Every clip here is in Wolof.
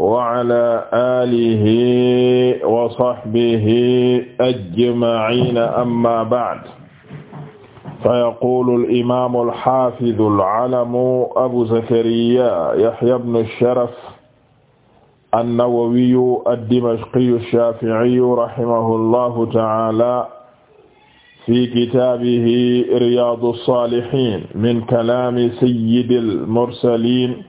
wa ala alihi wa sahbihi ajma'ina amma ba'd fa yaqulu al-imam al-hafiz al-alam abu zakariya yahya ibn al-sharaf an-nawawi ad-dimashqi ash-shafi'i rahimahullahu ta'ala fi kitabihi riyadu as-salihin min kalami sayyidil mursalin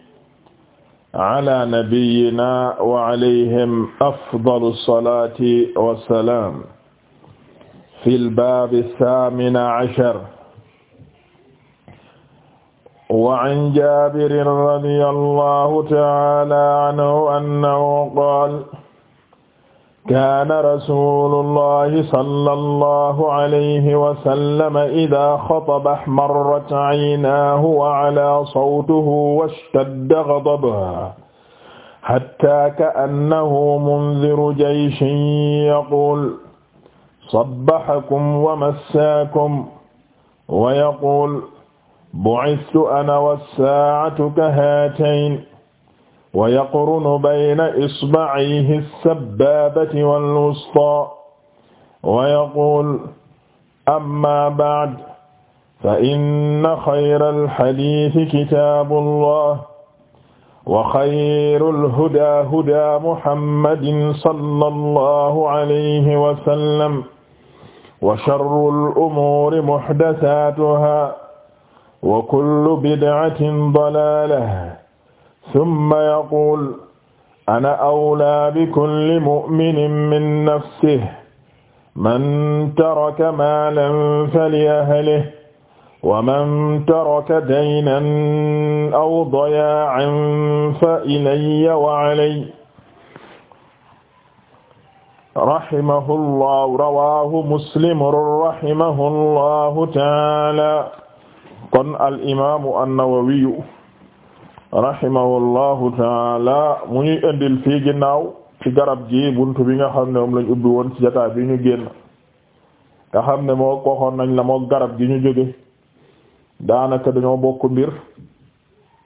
ala nabiyyina wa alayhim afdalu salaati wa salaam fil baabi saamina ashar wa an jaabirin radiyallahu ta'ala anhu annahu qaala kaana rasuulullahi sallallahu alayhi wa sallam idaa xataba ahmarrat aynaahu wa alaa sawtuhu washtadda ghadabuhu hattaa ka'annahu munziru jayshin yaquul sabbahakum wa massaakum wa yaquul bu'ithtu ana was-saa'atu kahaatayn wa yaqrunu bayna isbacihi as-sabbaabati wal-wustaa wa yaquulu ammaa bacdu fa inna xayral hadiisi kitaabullaah wa xayrul hudaa hudaa muhammadin sallallahu alayhi wa sallam wa sharrul umuuri muhdasaatuhaa wa kullu bidcatin dalaalah ثم يقول أنا أولى بكل مؤمن من نفسه من ترك مالا فلأهله ومن ترك دينا أو ضياعا فإلي وعلي رحمه الله رواه مسلم رحمه الله تعالى kon al imaamu an-Nawawi rahimahullahu taala mu ñuy indil fii ginnaaw ci garab gi buntu bi nga xam ne moom lañ ubbi woon ci jotaay bi ñu génn nga xam ne moo waxoon nañ la moo garab gi ñu jóge daanaka dañoo bokk mbir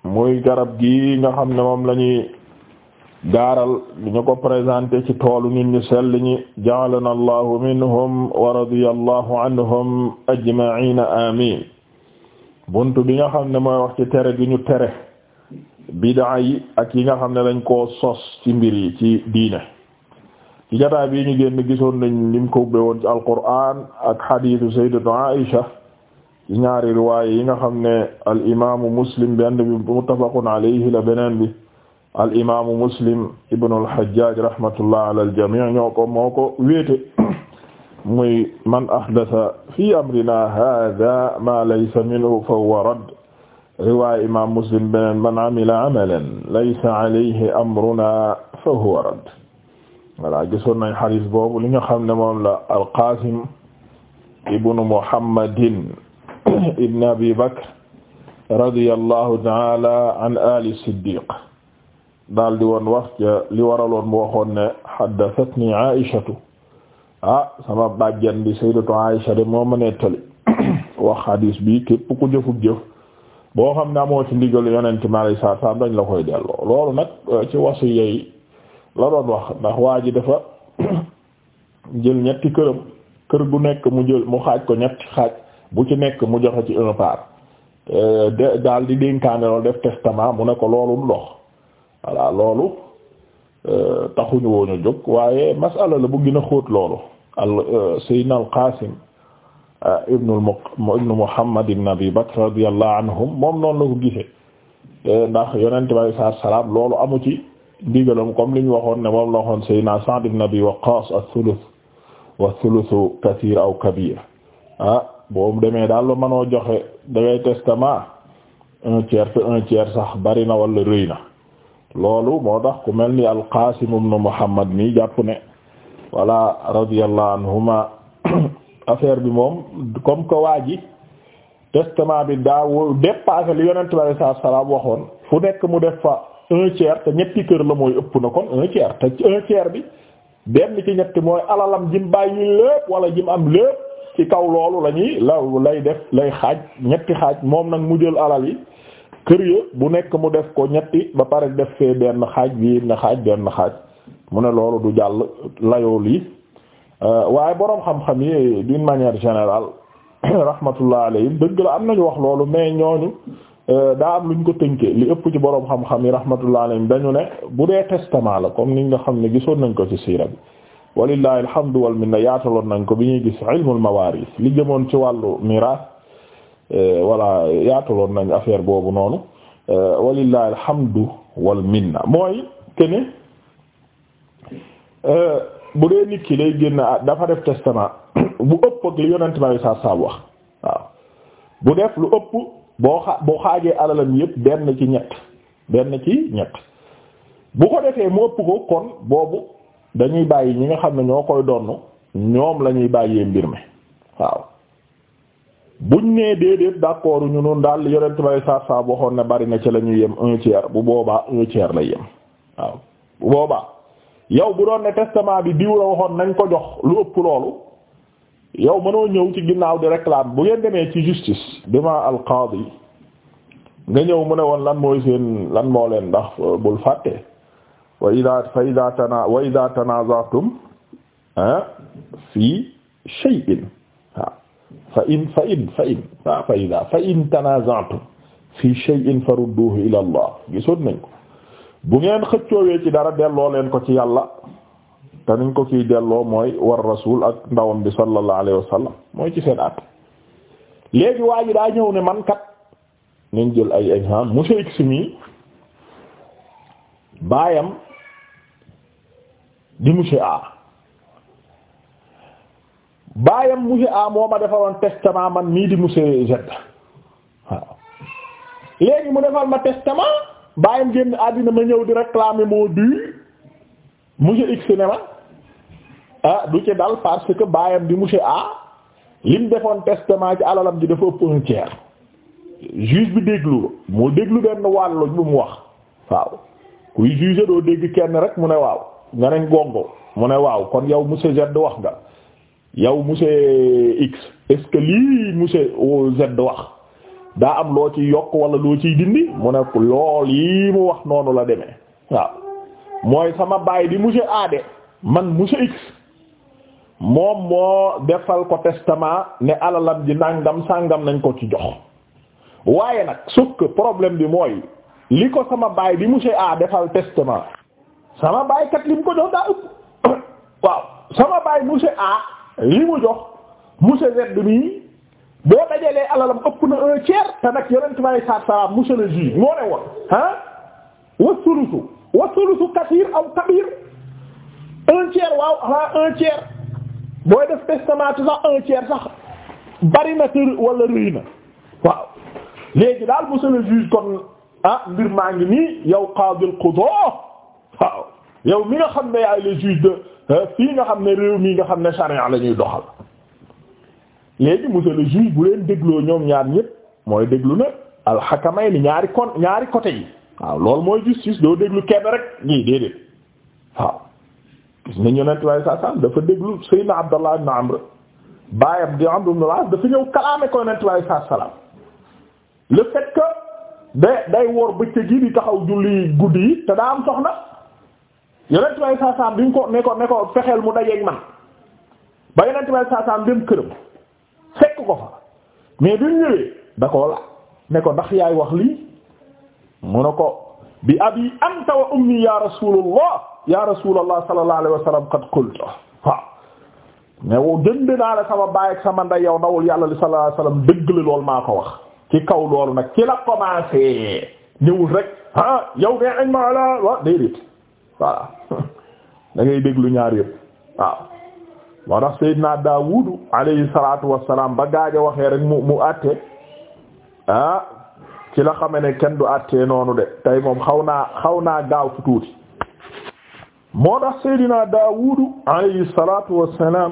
muy garab gi nga xam ne moom lañuy gaaral di ñu ko présenté ci toolu nit ñu sell ñi ja'alana allahu minhum wa radiya allahu anhum ajma'ina amin buntu bi nga xam ne mooy wax ci tere gi ñu tere bidaa yi ak yi nga xam ne dañ koo sos ci mbir yi ci diine ci jotaay bii ñu génn gisoon nañ lim ko ubbe woon ci alquraan ak xadiisu sayyidatu Aisha ci ñaari riwaay yi nga xam ne al imaamu muslim benn bi muttafaqun alayhi la beneen bi al muslim ibnu al hajjaaj rahmatullah ala al jamii ñoo ko moo ko wéete muy man ahdatha fi amrina hadha ma laysa minhu fa huwa radd riwaay imaam muslim beneen man amila amalan laysa alayhi amruna fa huwa radd voilà gisoon nañ xadis boobu li nga xam ne moom la alqasim ibnu muhammadin ibn abi bakr radiyallahu taala an ali siddiq daal di woon wax ca li waraloon mu waxoon ne haddathatni aishatu ah sama bàjjen bi sayyidatu aisha de moo ma nettali wax xadis bi képp ku jëfug jëf boo xam ne amoo ci ndigal yonente mi alayhi salaatu salaam dañ la koy delloo loolu nag euh, ci wasu yeey la doon wax ndax waa ji dafa jël ñetti këram kër gu nekk mu jël mu xaaj ko ñetti xaaj bu ci nekk mu joxe ci un part euh, de daal di dénkaane loolu def testament mu ne ko loolu du dox voilà loolu euh, taxuñu woon ñu jóg waaye masala la bu gën xóot loolu al Seydina al Qaasim Euh, ibnu ibnu Muhammad ibn Abi Bakr radiyallahu anhum moom noonu la ko gisee ndax yonent bi alayhi salaatu wa salaam loolu amu ci ndigalam comme liñ waxoon ne moom la waxoon Seydina Sa'd ibn Abi Waqqaas as-sulus wa sulusu kasiir aw kabiir ah boobu demee daal la mënoo joxe dangay testament un tiers te un tiers sax bari na wala rëy na loolu moo tax ku mel ni al-Qaasim ibn Muhammad mi jàpp ne wala radiyallahu anhuma affaire bi moom comme que waa ji testament bi daaw dépassé li yonent bi alayhi salaatu salaam waxoon fu nekk mu def fa un tiers te ñetti kër la mooy ëpp na kon un tiers te un tiers bi benn ci ñetti mooy alalam jim bàyyi lépp wala jim am lépp ci kaw loolu la ñuy la lay def lay xaaj ñetti xaaj moom nag mu jël alal yi kër ya bu nekk mu def ko ñetti ba pare def fee benn xaaj bi na xaaj benn xaaj mu ne loolu du jàll layoo lii Euh, waaye boroom xam-xam yi d'une manière générale rahmatullah alayhim dëgg la am nañu wax loolu mais ñooñu euh, daa am luñ ko tënkee li ëpp ci boroom xam-xam yi rahmatullah alayhim dañu ne bu dee testament la comme niñ nga xam ne gisoon nañ ko ci siira bi walillahi alhamdu wal minna yaataloon nañ ko bi ñuy gis ilmul mawaris li jëmoon ci wàllu miraas euh, voilà yaataloon nañ affaire boobu noonu walillahi alhamdu wal minna mooy kene bu dee nit ki day génn dafa def testament bu ëpp ak li yonent ma saa saa wax waaw bu def lu ëpp boo xa boo xaajee alalam yépp benn ci ñett benn ci ñett bu ko defee mu ëpp ko kon boobu dañuy bàyyi ñi nga xam ne ñoo koy donn ñoom lañuy ñuy bàyyee mbir mi waaw buñ nee déedéet d'accord ñu noonu daal yonent ma saa saa waxoon ne bari na ci la ñuy yem un tiers bu boobaa un tiers lay yem waaw boobaa. yow bu doon ne testament bi diw waxoon nañ ko jox lu ëpp loolu yow mënoo ñëw ci ginnaaw di réclame bu ngeen demee ci justice devant al qadi nga ñëw mu ne woon lan mooy seen lan moo leen ndax euh, bul fàtte wa ida fa ida tana wa ida tanazatum ah, fi shay'in waaw nañ ko bu ngeen xëccoowee ci dara delloo leen ko ci yàlla te niñ ko fiy delloo mooy war rasul ak ndawam bi sallallahu alayhi wa sallam mooy ci seen at léegi waa ji daa ñëw ne man kat nañ jël ay exemple monsieur X mi baayam di monsieur A baayam monsieur A moo ma defaloon testament man mii di monsieur Z waaw léegi mu defal ma testament bàyyam génn àddina ma ñëw di réclamer moo du monsieur X ne ma ah du ci dal parce que bàyyam di monsieur A lim defoon testament ci alalam ji dafa ëpp un tiers bi déglu moo déglu benn wàllu bu mu wax waaw kuy juge doo dégg kenn rek mu ne waaw nga ne gongo mu ne waaw kon yow monsieur Z wax nga yow monsieur X est-ce que lii monsieur Z wax daa am loo ci yokk wala loo ciy dindi mu ne lool yi mu wax noonu la demee waaw mooy sama baay di monsieur Ade man monsieur X moom moo defal ko testament ne alalam ji nangam sangam nañ ko ci jox waaye nag sauf que problème bi mooy li ko sama baay di monsieur A defal testament sama baay kat li mu ko jox daa ëpp waaw sama baay monsieur A li mu jox monsieur Z bi boo dajalee alalam ëpp na un tiers te nag yonent bi alayhi salaatu woon ah wa sulusu wa sulusu kathir aw kabir un tiers waaw ah un tiers booy def testament sax un tiers sax bari na tër wala waaw léegi daal monsieur le juge kon ah mbir maa ngi nii yow qaadil qudaa waaw mi nga xam ne yaay le juge de eh, fii nga xam ne réew mii nga xam ne charia la ñuy doxal. léegi monsieur le juge bu leen dégloo ñoom ñaar ñëpp mooy déglu na alxakamay ni ñaari kon ñaari côté waaw loolu mooy justice doo déglu kenn rek ñii déedéet waaw gis nañ yonent waaye dafa déglu Seydina Abdallah ibn Amr baayam di Amr dafa ñëw kalaame ko yonent waaye saa salaam le day day bëccëg yi di taxaw julli guddi yi te daa am soxna yonent waaye saa saam ko ne ko ne ko fexeel mu dajeeg man ba yonent waaye dem këram fekk ko fa mais bi mu da koo la ne ko ndax yaay wax lii mu ne ko bi abi anta wa ummi ya rasulullah ya rasulullah sallallahu alayhi wa sallam qad qultu ne wu jënd naa la sama baay ak sama nday yow ndawul yàlla li sallallahu alayhi wa sallam dëgg la loolu maa ko wax ci kaw loolu nag ci la commencé ñëwul rek ah yow de añ ma la wa déedéet waaw moo tax Seydina Daawud alayhi salaatu wassalaam ba gaaja waxee rek mu mu àtte ah ci la xame ne kenn du àttee noonu de tey moom xaw naa xaw naa gaaw ci tuuti moo tax Seydina Daawud alayhi salaatu wassalaam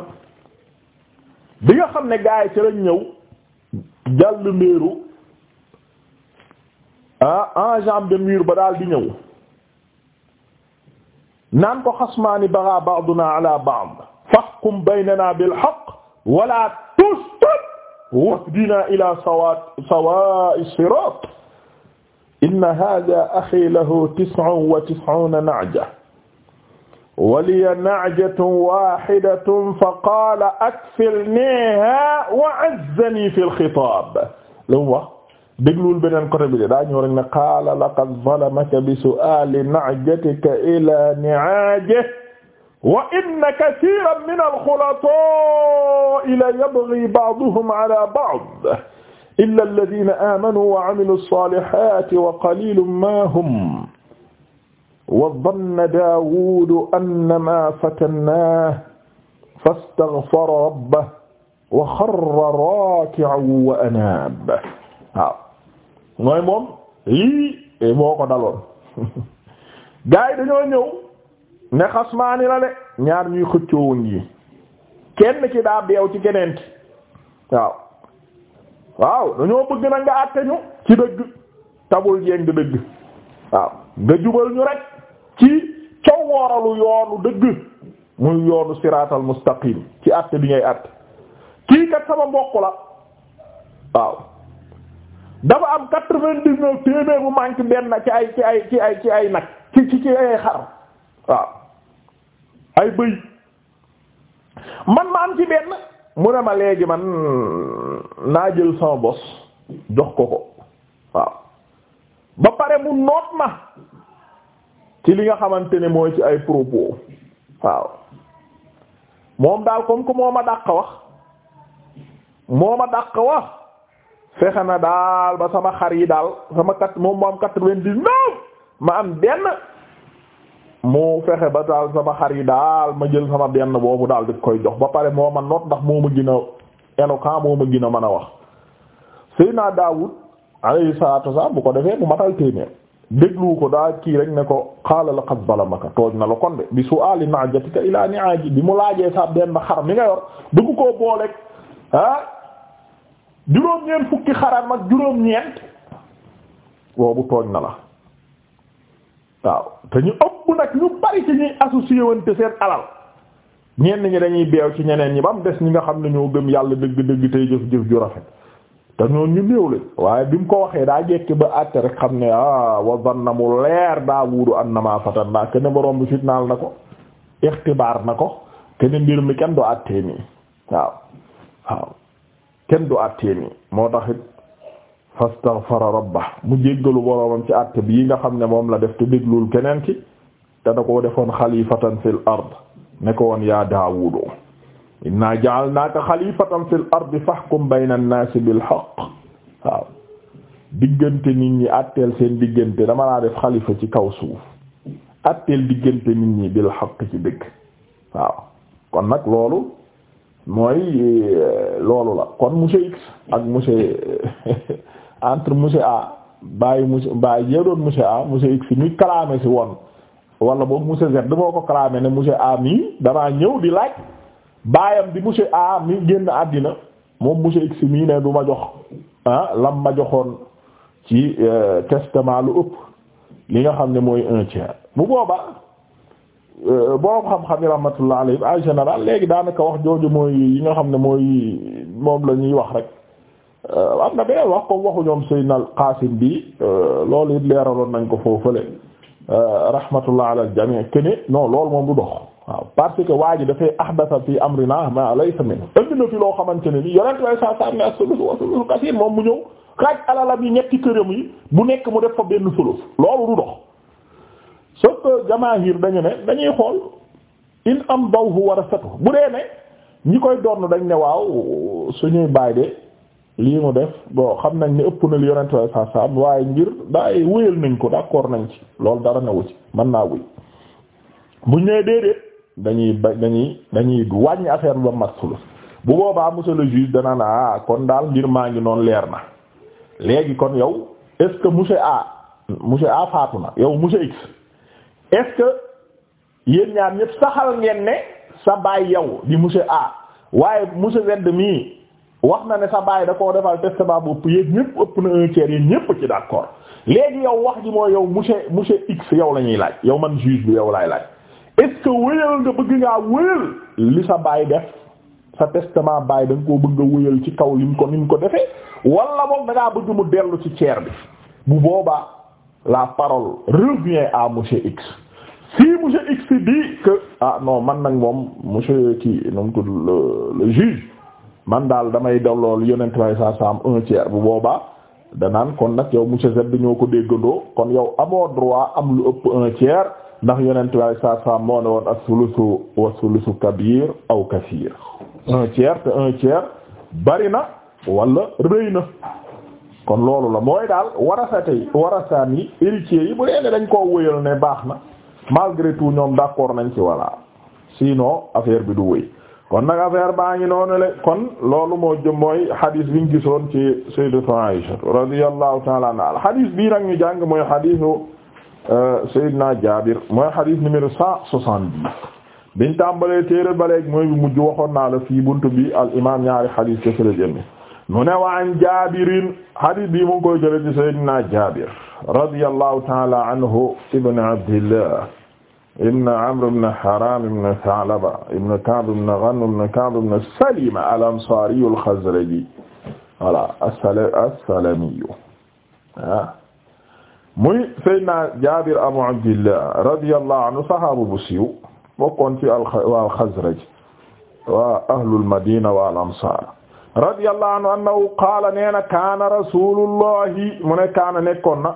bi xam ne gaay ci lañ ñëw jàll mbéeru ah enjambe de mur ba daal di ñëw naan ko xasmaani baraa ba'duna ala ba'd taqum baynana bil haqq wala tustat wahdina ila sawa sawa'i sirat inna hadha akhi lahu tis'un wa tis'una na'ja wa liya na'jatun wahidatun fa qala akfilniha wa 'azzani fil khitab lu mu wax déglul beneen côté bi de daa ñëw rek ne qala laqad zalamaka bi su'ali na'jatika ila ni'ajihi wa inna kathiran min al-khulataa' la yabghi ba'duhum 'ala ba'd illa alladhina amanu wa 'amilu s-salihati wa qalilun ma hum wa dhanna Daawudu annama fatannaahu fastaghfara rabbahu wa kharra raaki'an wa anaab waaw mooy moom lii eh, moo ko daloon gaa yi dañoo ñëw ne xasmaani la de ñaar ñuy xëccoo ngi kenn ki daa beew ci keneen ki waaw waaw dañoo bëgg na nga àtte ñu ci dëgg tabul jéng dëgg waaw nga jubal ñu rek ci cow wooralu yoonu dëgg muy yoonu siraatal mustaqim ci àtte bi ngay àtte kii kat sama mbokk la waaw dafa am quatre-vingt-dix-neuf bu manque benn ci ay ci ay ci ay ci ay nag ci ci ci ay xar waaw ay bëy man ma am ci benn mu ne ma léegi man naa jël sama bos jox ko ko waaw ba pare mu noot ma ci li nga xamante ne mooy ci ay propos waaw moom daal comme que moo ma dàq wax moo ma dàq wax fexe na daal ba sama xar yi daal sama kat moom mu am quatre dix neuf ma am benn mu fexe ba daal sama xar yi daal ma jël sama benn boobu daal di koy jox ba pare moo ma noot ndax moo ma gën a éloquent moo ma gën a mën a wax naa Daawud alayhi salaatu wassalaam bu ko defee bu matal téeméer déglu ko daa kii rek ne ko qaala bala zalamaka tooj na la kon de bi su'aali na'jatika ilaa ni'aaji bi mu laajee sa benn xar mi nga yor bëgg koo booleeg ah juróom-ñeent fukki xaram ak juróom-ñeent boobu tooj na la waaw te ñu ëpp nag ñu bari ci ñuy associé seen alal ñenn ñi dañuy beew ci ñeneen ñi ba mu des ñi nga xam ne ñoo gëm yàlla dëgg-dëgg tey jëf jëf ju rafet te ñoon ñu néew lañ waaye bi mu ko waxee daa jekki ba àtte rek xam ne ah wa zanna mu leer daa wuudu annama fatanna kenn borom bi fitnaal na ko ixtibaar na ko kenn mbir mi kenn du àttee nii waaw waaw kenn du àttee nii moo taxit fastaghfara rabbah mu jéggalu boroomam ci àtte yi nga xam ne moom la def te déglul keneen ki te da koo defoon xalifatan fil ard ne ko yaa Daawudu inna ja'alnaaka xalifatan fil ardi fahkum bayna an-naasi bil haqq waaw diggante nit ñi àtteel seen diggante xalifa ci kaw suuf àtteel diggante nit ñi bil haqq ci dëgg waaw kon nag loolu mooy eh, loolu la kon monsieur X ak monsieur entre monsieur A bàyyi monsieur bàyyi yéedoon monsieur A monsieur X mi kalaame si woon wala boog monsieur Z moo ko kalaame ne monsieur A mii damaa ñëw di laaj baayam di monsieur A mi génn àddina moom monsieur X mii ne du ma jox ah lam ma joxoon ci euh, testament lu ëpp li nga xam ne mooy un tiers bu boobaa euh, boroom xam-xam yi rahmatullah alayhi en général léegi daanaka wax jooju mooy yi nga xam ne mooy moom la ñuy wax rek. Euh, am na beneen wax ko waxu ñoom Seydina Al-Qasim bi euh, loolu it leeraloon nañ ko foofale euh, rahmatullah ala al-jami' que ne non loolu moom du dox waaw parce que waa ji dafay ahdasa fi amrina ma laysa loo xamante ne ni yonent way sa sam ne as yi ñetti këram bu nekk mu def fa benn sulus loolu du dox jamaahir dañu ne dañuy xool in am dawhu warasatu bu dee ne ñi koy doon dañ ne waaw suñuy baay de lii mu def boo xam nañ ne ëpp na li yonent waaye saa saa waaye ngir daay wéyal nañ ko d'accord nañ ci loolu dara newu ci man naa wéy buñ ne déedéet dañuy ba dañuy dañuy wàññi affaire ba mat sulus bu boobaa monsieur le juge dana ah, kon daal ngir maa ngi noonu leer na léegi kon yow est-ce que monsieur A monsieur A faatu na yow monsieur X est-ce que yéen ñaar ñëpp saxal ngeen ne sa baay yow di monsieur A waaye monsieur Z mii. wax na ne sa baay da koo defal testament bu ëpp yéen ñëpp ëpp na un tiers yéen ñëpp ci d'accord léegi yow wax ji mooy yow monsieur monsieur X yow la ñuy laaj yow man juge bi yow laay laaj est-ce que nga bëgg ngaa wéyal li sa baay def sa testament baay da koo bëgg a wéyal ci kaw lim ko nim ko defee wala boog da ngaa bëgg mu dellu ci ceer bi bu boobaa la parole revient à monsieur X si monsieur X dit que ah non man nag moom monsieur ki nu mu le juge. man daal damay delloo yonent bay saa saam un tiers bu boobaa danaan kon nag yow monsieur Z dañoo ko déggandoo kon yow amoo droit am lu ëpp un tiers ndax yonent bay saa saam moo ne woon as-sulusu wa sulusu kabir aw kasir un tiers te un tiers bari na wala rëy na kon loolu la mooy daal warasatey warasaan yi héritiers yi bu dee ne dañ koo wëyal ne baax na malgré tout ñoom d'accord nañ ci voilà sinon affaire bi du wëy kon nag affaire baa ngi noonu le kon loolu moo jëm mooy hadith bi ñu gisoon ci sayyidatu Aisha radiyallahu ta'ala anha hadith bii nag ñu jàng mooy hadithu euh, Seydina Jaabir mooy hadith numéro cent soixante-dix biñ tàmbalee téere ba léegi mooy bi mujj waxoon naa la fii buntu bi al imaam ñaari hadith ca fële jënd mu ne wa an Jaabirin hadith bii mu ngi koy jëlee ci Seydina Jaabir radiyallahu ta'ala anhu ibn Abdillah ibn Amr ibn Haram ibn Tha'laba ibn Ka'b ibn Ghanm ibn Ka'b ibn Salima al-Ansari al-Khazraji voilà as-Salami ah muy Seydina Jaabir Abu Abdillah radiyallahu anhu saxaabu bu siiw bokkoon ci waa al-Khazraj waa ahlul Madina waa al-Ansaar radiyallahu anhu annahu qaala nee na kaana Rasuulullahi mu ne kaana nekkoon na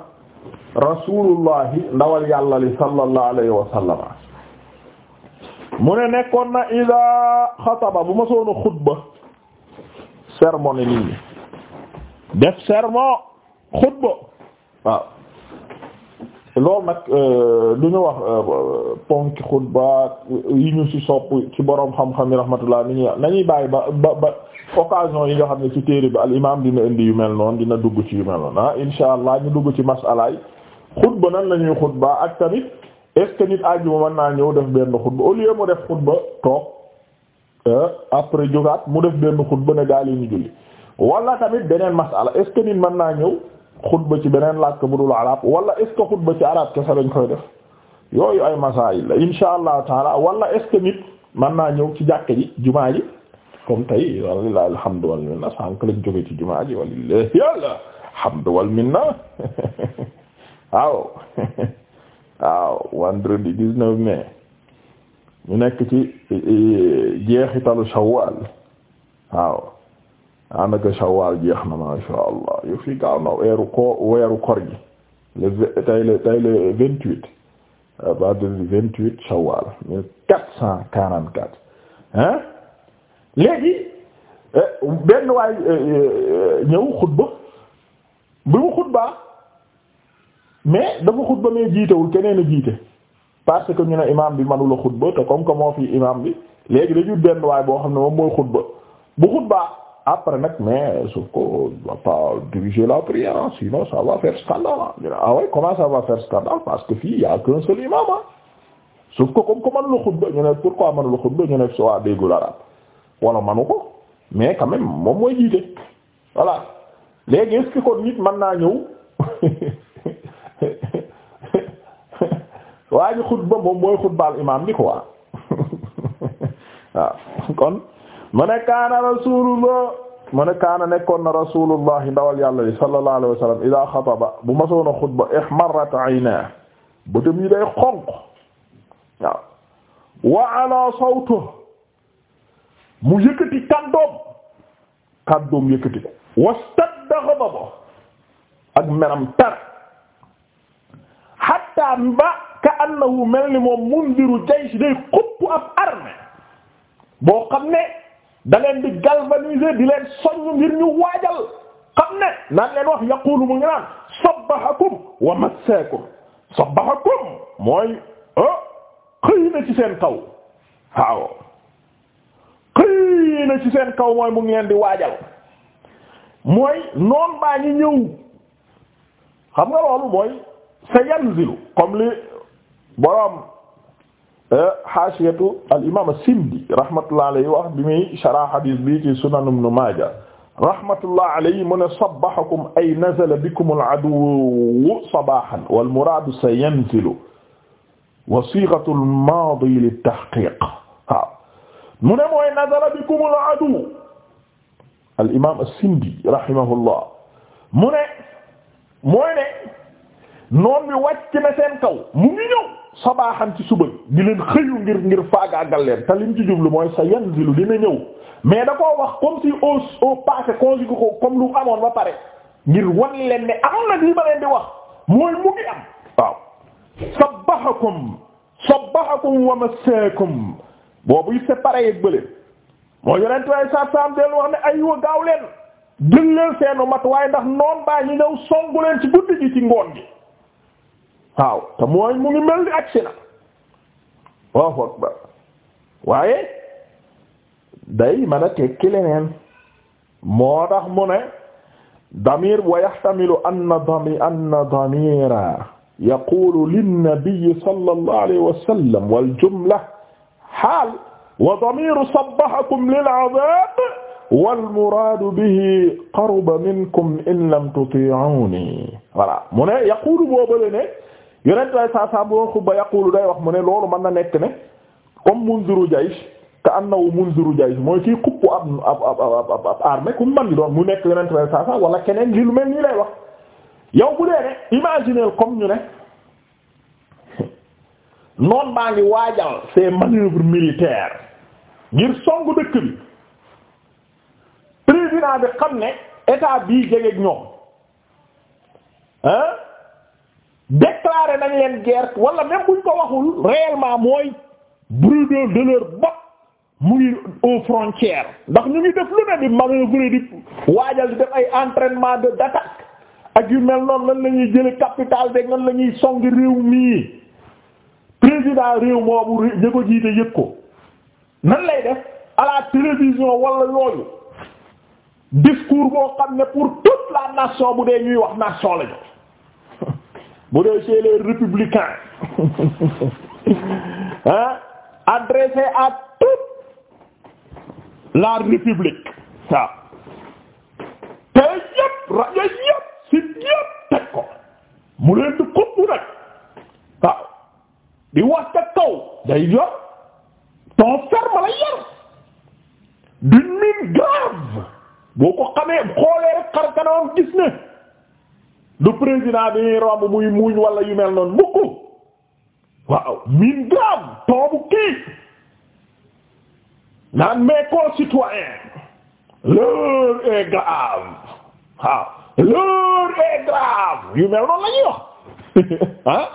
rasulullahi ndawal yàllali li sallallahu alayhi wa sallam mu ne nekkoon na ida xataba bu ma soon a xutba sermon ni nit ñi def sermon xutba waaw loolu nag euh, du ñu wax euh, ponk xutba yi ñu ci sopp ci boroom xam-xam yi rahmatullah na ñuy nañuy bàyyi ba ba ba occasion yi nga xam ne ci téere bi al imam dina indi yu mel noonu dina dugg ci yu mel noonu ah insha allah ñu dugg ci masalaay xutba nan la ñuy xutba ak tamit est-ce que nit mën naa ñëw def benn xutba au lieu mu def xutba toog euh, après jógaat mu def benn xutba ne gaa yi julli wala tamit beneen masala est-ce que nit mën naa ñëw xutba ci beneen làkk bu dul arab wala est-ce que xutba ci arab kese lañ koy def yooyu ay masaayil la insha allah taala wala est-ce que nit mën naa ñëw ci jàkke ji jumaa ji comme tey walilah alhamdu wal minna sànq lañ jóge ci jumaa ji walilah alhamdu wal minna waaw waaw vendredi dix ñu nekk ci jeexitalu shawwal waaw daanaka shawwal jeex na ma sha Allah yu fi gaaw na weeru ko kor gi le tay le tay le vingt-huit vendredi vingt-huit shawwal mille quatre cent quarante-quatre hein léegi eh, benn waay eh, eh, ñëw xutba bi mu xutba mais dafa xutba mais jiitewul keneen a jiite parce que ñu ne imaam bi manula xutba te comme que moo fi imaam bi léegi dañu benn waay boo xam ne moom mooy xutba bu xutba après nag mais sauf qu'on va pas diriger la prière sinon ça va faire scandale ñu ne ah ouais comment ça va faire scandale parce que fii y a qu'un seul imam ah sauf que comme que manula xutba ñu ne pourquoi manula xutba ñu ne soo déggul arab wala manu ko mais quand même moom mooy jiite voilà léegi est-ce que kon nit mën naa ñëw waa ji xutba moom mooy xutbaal imaam bi quoi waaw kon mu kaana rasulullah mu ne kaana nekkoon na rasulullah ndawal yàlla li sallallahu alayhi wa sallam xataba bu ma soona xutba ihmarrat aynaa bëtam yi day xonq waaw wa ala sawtu mu yëkkati kàddoom kàddoom yëkkati ko wastadda ghadaba ak meram tar hatta ba ka annahu mel ni moom mundiru jaysh day xupp ab armée boo xam ne da leen di galvaniser di leen soññ ngir ñu waajal xam ne naan leen wax yaqulu mu ngi naan sabbahakum wa massaakum sabbahakum mooy ah xëy na ci seen kaw waaw xëy ci seen kaw mooy mu di waajal mooy noon baa ñëw xam nga loolu mooy sa yanzilu li boroom eh, xaasiyatu al imaam as-Sindi rahmatullah alayhi wax bi muy sharh hadith bi ci sunan ibn Maaja rahmatullah alayhi mu ne sabbahakum ay nazala bikum al-aduwwu sabahan wal muraadu sayanzilu wa sighatu al-maadi lit-tahqiiq waaw mu ne mooy nazala bikum al-aduwwu al imaam as-Sindi rahimahullah mu ne mooy ne noon bi wàcc na seen kaw mu ngi ñëw sabaaxan ci suba di leen xëyu ngir ngir faagaagal leen te lim ci jublu mooy sa yanzilu dina ñëw mais da koo wax comme si au au comme lu amoon ba pare ngir wan leen ne am na lii ba leen di wax mooy mu ngi am. waaw sabbahakum sabbahakum wa masaakum boobu c'est pareil ak bële moo yonent waaye saa saam deel wax ne aywa gaaw leen jël leen seenu mat waaye ndax noon baa ñu ñëw songu leen ci guddi gi ci ngoon gi. waaw te mooy mu ngi mel ni agsi na waaw akbar waaye day mën a tekki leneen moo tax mu ne damir wa yaxtamilu anna dami anna damira yaqulu linnabiyi sallallahu alayhi wa sallam wal jumla xaal wa damiru sabbahakum lil adab wal muraadu bihi qaruba minkum in lam tuti'uni voilà mu ne yaqulu boobale ne yonent waaye saa saa bu doon xubba yaqulu day wax mu ne loolu man na nekk ne comme munziru jaysh te annahu munziru jaysh mooy kii xuppu ab ab ab ab armée ku man di doon mu nekk yonent saa saa wala keneen li lu mel nii lay wax yow bu dee ne imaginez comme ñu ne noon baa ngi waajal ces manœuvres militaires ngir songu dëkk bi président bi xam ne état bii jegeeg ñoom hein déclaré nañ leen guerre wala même buñ ko waxul réellement mooy brûler de leur bopp mu ngi aux frontières ndax ñu ngi def lu ne di manœuvre di waajal di def ay entraînement de d'attaque ak yu mel noonu nan la ñuy jële capital beeg nan la ñuy songi réew mii président réew moobu ñi ko jiite yëg ko nan lay def à télévision wala yooyu discours boo xam ne pour toute la nation bu dee ñuy wax nation lañu bu dee chez les républicains hein adressé à la république waaw te yëpp rajo yëpp site yëpp teg ko mu leen di xutbu nag waaw di wax ca kaw day yor ton ferme la yor d'une mine grave boo ko xamee xoolee rek xar kanam gis ne du président bi ñuy romb muy muuñ wala yu mel noonu mukk waaw min grave toobu kii naan mes concitoyens l'heure est grave waaw l'heure est grave yu noonu lañuy wax ah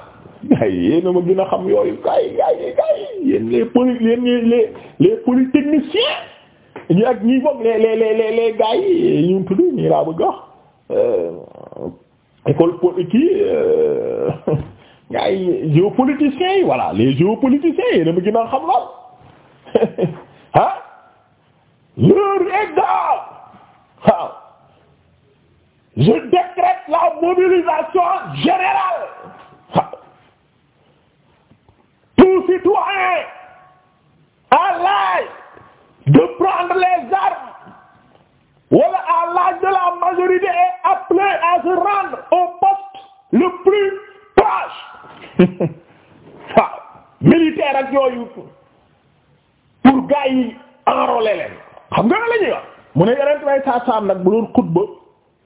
ay yéena ma gën a xam yooyu kay kay kay yéen les poli yéen les les polytechniciens ñu ak ñi bokk les les les les gars yi ñu tudd laa bëgg wax euh, école po kii ngay euh, géopoliticiens yi voilà les géopoliticiens yi dama gën a xam lool leur égard je décrète la mobilisation générale waaw tout citoyen à de prendre les wala à l'âge de la majorité est appelé à se rendre au poste le plus proche waaw militaire ak yooyu pour gars yi leen xam nga la ñuy wax mu ne yeneen may saam nag bu doon xutba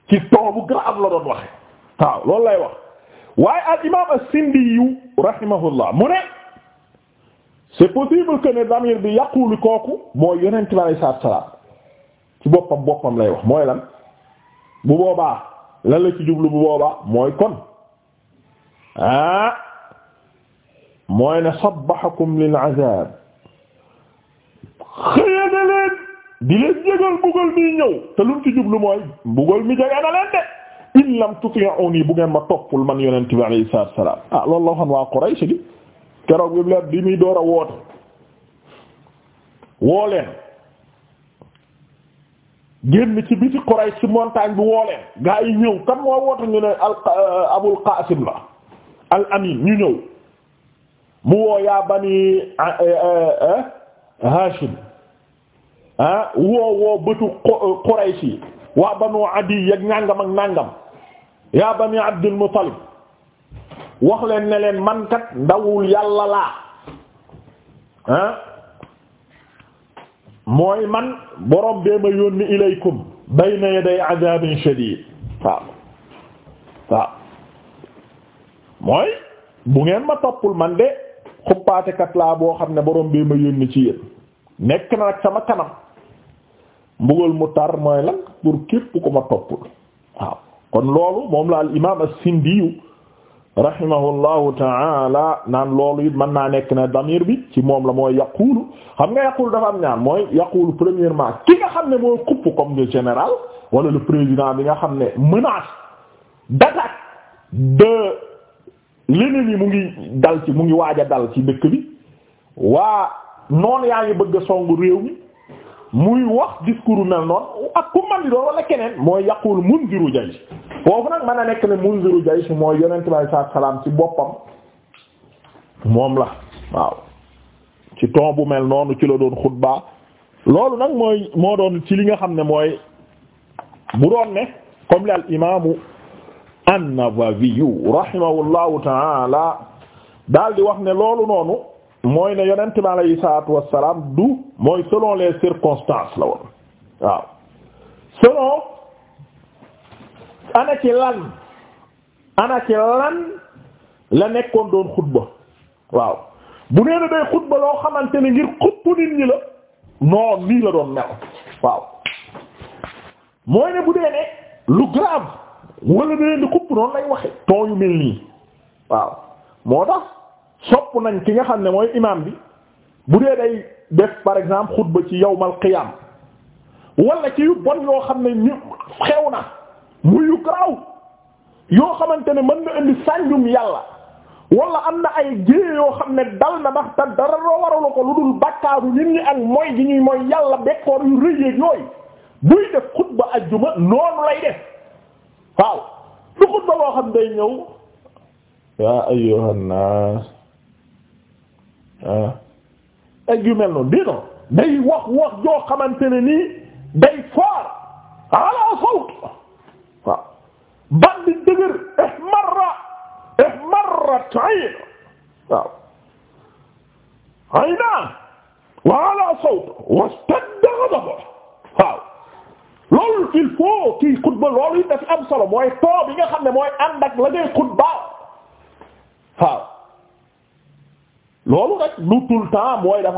ci bu grave la doon waxe waaw loolu lay wax waaye al imam as-Sindiyyu rahimahullah mu ne c'est possible que ne damir bi yàquli kooku moo yonent bi alayhi salaam boppam boppam lay wax mooy lan bu boobaa lan la ci jublu bu boobaa mooy kon ah mooy ne sabbahakum lil azab xëya na leen di leen jégal mbugal mi ñëw te jublu mooy bu mbugal mi jege na leen de in lam tuti'uni bu ngeen ma toppul man yonent bi alayhi salaatu wa salaam ah la waa Quraysh di bi mu di muy door a woote woo génn ci biti Quraysh ci montagne bi woo leen gaa yi ñëw kan moo woote ñu ne al euh, Abul Qaasim la al Amin ñu ñëw mu woo yaa bani Haashim ah woo woo bëtu euh, Quraysh yi waa banu Adiy ak nàngam ak nàngam yaa bani Abdul Muttalib wax leen ne leen man kat ndawul yàlla laa mooy man boroom bee ma yónni ilaykum bayna yaday adabin shadid waaw waaw mooy bu ngeen ma toppul man de xuppaatekat laa boo xam ne borom bee ma yónni ci yéen nekk na nag sama kanam mbugal mu tar mooy lan pour képp ko ma toppul waaw kon loolu moom la al imaam as-Sindiyu rahimahullahu taala naan loolu it mën naa nekk na damir bi ci moom la mooy yaqulu xam nga yaqulu dafa am ñaan mooy yaqulu premièrement ki nga xam ne mooy xupp comme le général wala lu président bi nga xam ne menace d'attaque de l'ennemi mu ngi dal ci mu ngi waaj a dal ci dëkk bi waa noonu yaa ngi bëgg a songu réew mi muy wax discours mel noonu ak ku man doon wala keneen mooy yaqul munziru jaysh foofu nag mën a nekk ne munziru jaysh mooy yonent bi saa salaam ci boppam moom la waaw bu mel noonu ci la doon xutba loolu nag mooy moo doon ci li nga xam ne mooy bu doon ne comme li al imaamu an-Nawawi rahimahullahu taala daal di wax ne loolu noonu mooy ne yonent bi alayhi salaatu wassalaam du mooy selon les circonstances la woon waaw selon ana lan ana lan la nekkoon doon xutba waaw bu nee day xutba loo xamante ne ngir xupp nit ñi la non nii la doon mel waaw mooy ne bu dee ne lu grave wala da leen di xupp noonu lay waxe ton yu mel nii waaw moo tax sopp nañ ki nga xam ne mooy imaam bi bu dee day def par exemple xutba ci yawmal qiyaam wala ci yu bon yoo xam ne ñu xew na muy yu garaaw yoo xamante ne mën na indi sànjum yàlla wala am na ay jéye yoo xam ne dal na ndax te dara loo warala ko lu dul bakkaaru yi ñi ak mooy gi ñuy mooy yàlla bekkoor yu rëyeeg yooyu buy def xutba ajjuma noonu lay def waaw du xutba loo xam day ñëw yaa ayyuhan ak yu mel noonu dino day wax wax joo xamante ne nii day foor ala sawt waaw ban di dëgër ihmarra eh ihmarrat eh ayn waaw ayna wa ala sawt wastadda ghadab waaw loolu il faut kii xutba loolu it dafa am solo mooy too bi nga xam ne mooy ànd ak la ngay xutba waaw loolu nag lu tout le temps mooy dafa